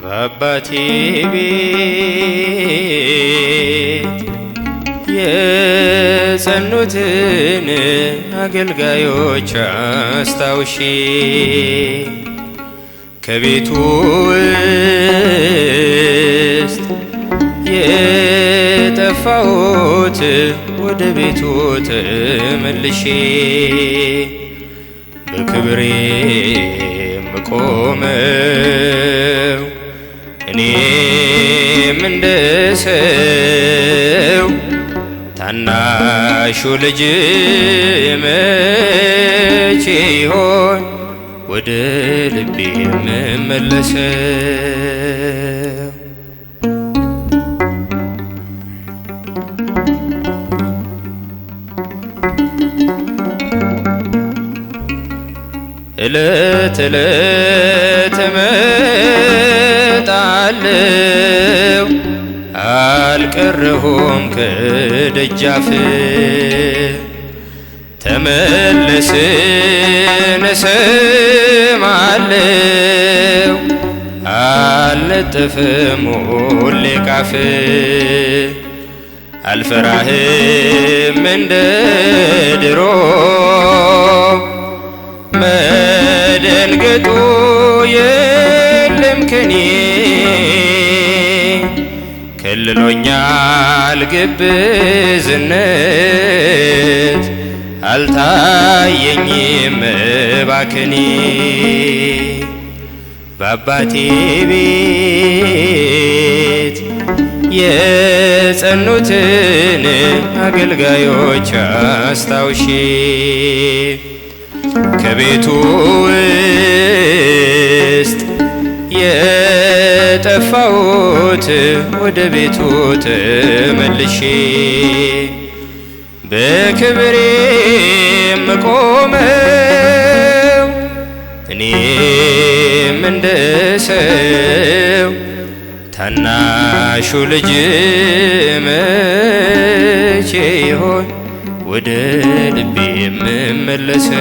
በአባቴ ቤት የጸኑትን አገልጋዮች አስታውሼ ከቤቱ ውስጥ የጠፋሁት ወደ ቤቱ ተመልሼ በክብሬ የምቆመው እኔም እንደ ሰው ታናሹ ልጅ መቼ ይሆን ወደ ልቤ የምመለሰው እለት እለት እመጣለሁ አልቀረሁም ከደጃፍ ተመለስን አልለጥፍም ሁሌ ካፍ አልፈራህም እንደ ድሮ መደንገጡ የለም ከኔ ከልሎኛል ግብዝነት አልታየኝም ባክኔ በአባቴ ቤት የጸኑትን አገልጋዮች አስታውሼ ከቤቱ ውስጥ የጠፋሁት ወደ ቤቱ ተመልሼ በክብሬ የምቆመው እኔ እንደ ታናሹ ልጅ መቼ ይሆን ወደ ልቤ የምመለሰው?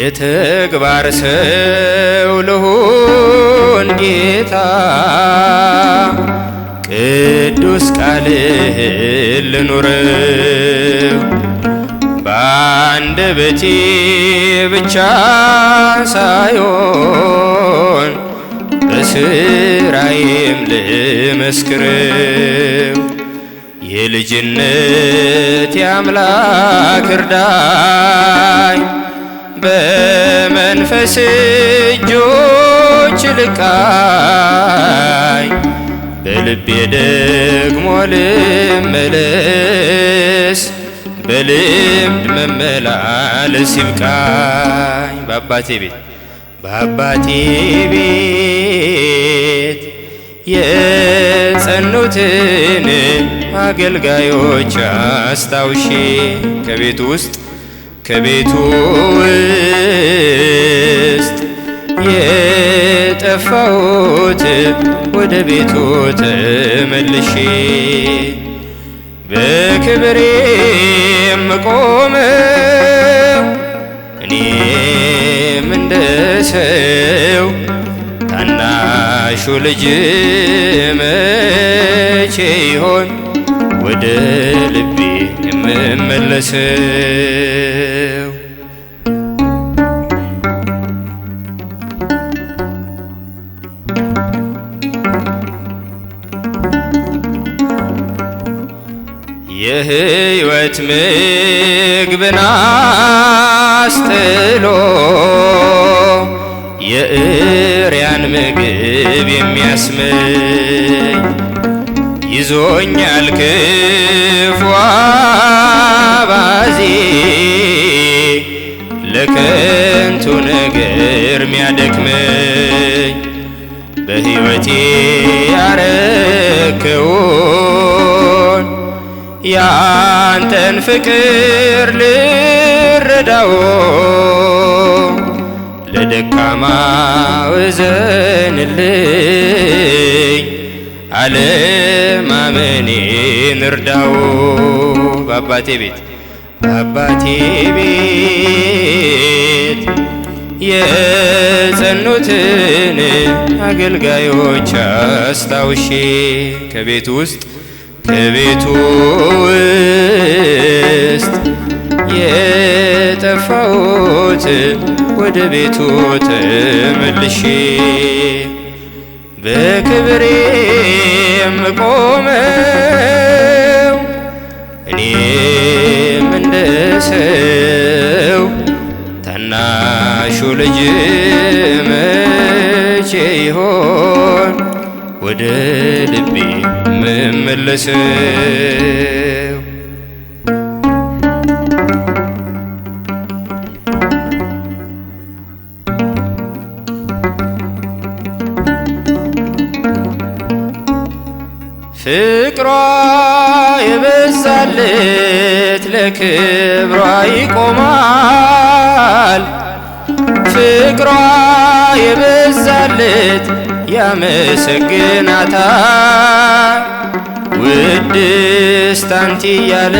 የተግባር ሰው ልሁን ይሁን ጌታ ቅዱስ ቃልህ ልኑረው በአንደበቴ ብቻ ሳይሆን በስራዬም ልመስክረው የልጅነት የአምላክ እርዳኝ በመንፈስ እጆ ልቃኝ በልቤ ደግሞ ልመለስ በልምድ መመላለስ ይብቃኝ በአባቴ ቤት በአባቴ ቤት የጸኑትን አገልጋዮች አስታውሼ ከቤቱ ውስጥ ከቤቱ ገፋሁት ወደ ቤቱ ተመልሼ በክብሬ የምቆመው እኔም እንደ ሰው ታናሹ ልጅ መቼ ይሆን ወደ ልቤ የምመለሰው? የህይወት ምግብና አስጥሎ የእሪያን ምግብ የሚያስመኝ ይዞኛል ክፉ አባዜ ለከንቱ ነገር ሚያደክመኝ በሕይወቴ ያረከው ያንተን ፍቅር ልረዳው ለደካማ እዘንልኝ አለማመኔን እርዳው በአባቴ ቤት በአባቴ ቤት የጸኑትን አገልጋዮች አስታውሼ ከቤት ውስጥ ከቤቱ ውስጥ የጠፋሁት ወደ ቤቱ ተመልሼ በክብሬ የምቆመው እኔም እንደ ሰው ታናሹ ልጅ መቼ ይሆን ወደ መልሰው ፍቅሯ የበዛለት ለክብሯ ይቆማል። ፍቅሯ የበዛለት ያመሰግናታል። ውድስት አንቲ እያለ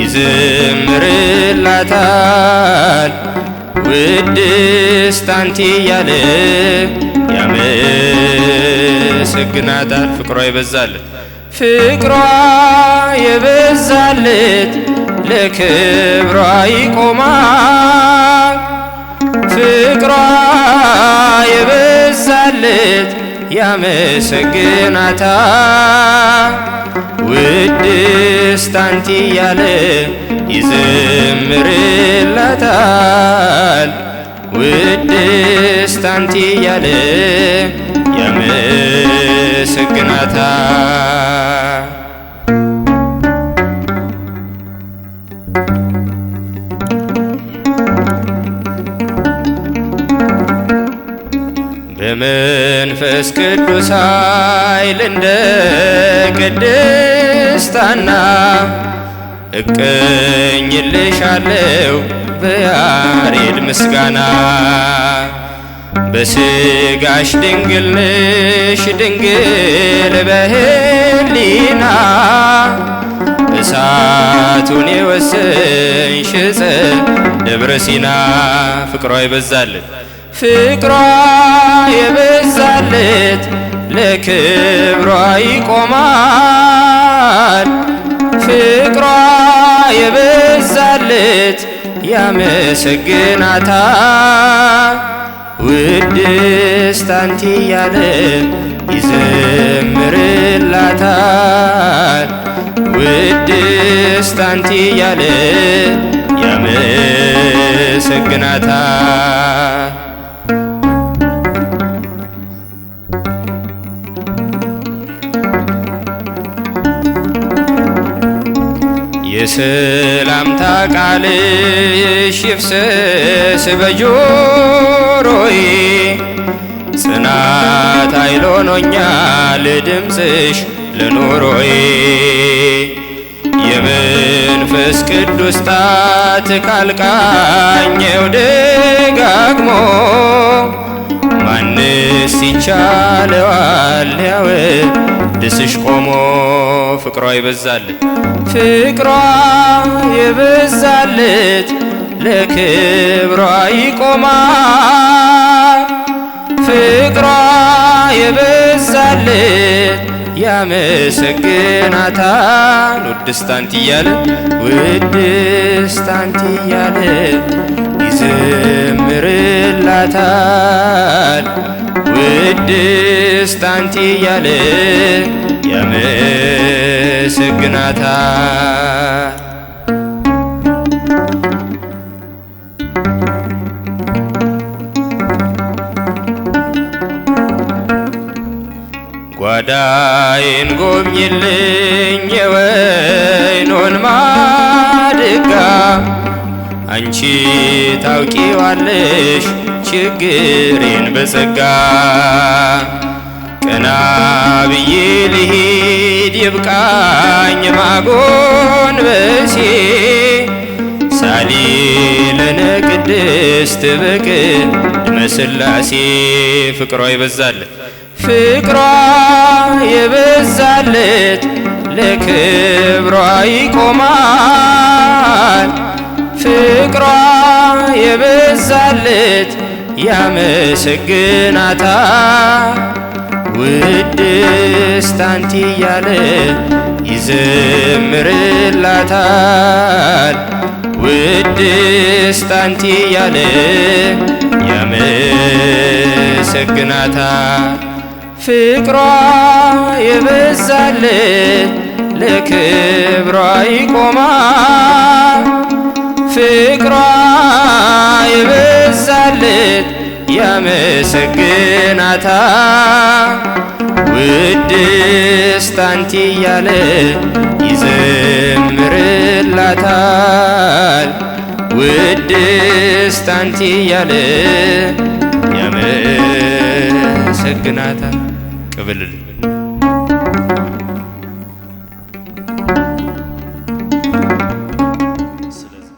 ይዘምርላታል። ውድስት አንቲ እያለ ያመሰግናታል። ፍቅሯ ይበዛለት ፍቅሯ የበዛለት ለክብሯ ይቆማል። ፍቅሯ የበዛለት ያመሰግናታ ውድስት አንቲ እያለ ይዘምርላታል። ውድስት አንቲ እያለ ያመሰግናታ በመንፈስ ቅዱስ ኃይል እንደ ቅድስታና እቀኝልሻለው በያሬድ ምስጋና በስጋሽ ድንግልሽ ድንግል በህሊና እሳቱን የወሰንሽ ደብረ ሲና ፍቅሯ ይበዛልን። ፍቅሯ የበዛለት ለክብሯ ይቆማል። ፍቅሯ የበዛለት ያመሰግናታ ውድስት አንቲ እያለ ይዘምርላታል። ውድስት አንቲ እያለ ያመሰግናታ የሰላምታ ቃልሽ ይፍሰስ በጆሮዬ ጽናት ኃይል ድምፅሽ የመንፈስ ቅዱስ ጣት ካልቃኘው ደጋግሞ ማንስ ይቻለዋል ሊያውቅ ድስሽ ቆሞ ፍቅሯ ይበዛለት ፍቅሯ ይበዛለት ለክብሯ ይቆማል ፍቅሯ የበዛለት ያመሰግናታል ውድስት አንቲ እያለ ውድስት አንቲ እያለ ይዘምርላታል ውድስት እያለ ያመሰግናታል ገዳይን ጎብኝልኝ የወይኑን ማድጋ አንቺ ታውቂዋለሽ ችግሬን በጸጋ ቀና ብዬ ልሂድ ይብቃኝ ማጎንበሴ ሳሊ ለነ ቅድስት በቅድመ ሥላሴ ፍቅሯ ይበዛልን ፍቅሯ የበዛለት ለክብሯ ይቆማል። ፍቅሯ የበዛለት ያመሰግናታ ውድስት አንቲ እያለ ይዘምርላታል። ውድስት አንቲ እያለ ያመሰግናታ ፍቅሯ የበዛል ለክብሯ ይቆማል ፍቅሯ የበዛለት ያመሰግናታ ውድስት አንቲ እያለ ይዘምርላታል ውድስት አንቲ እያለ ያመሰግናታል። వెళ్ళింది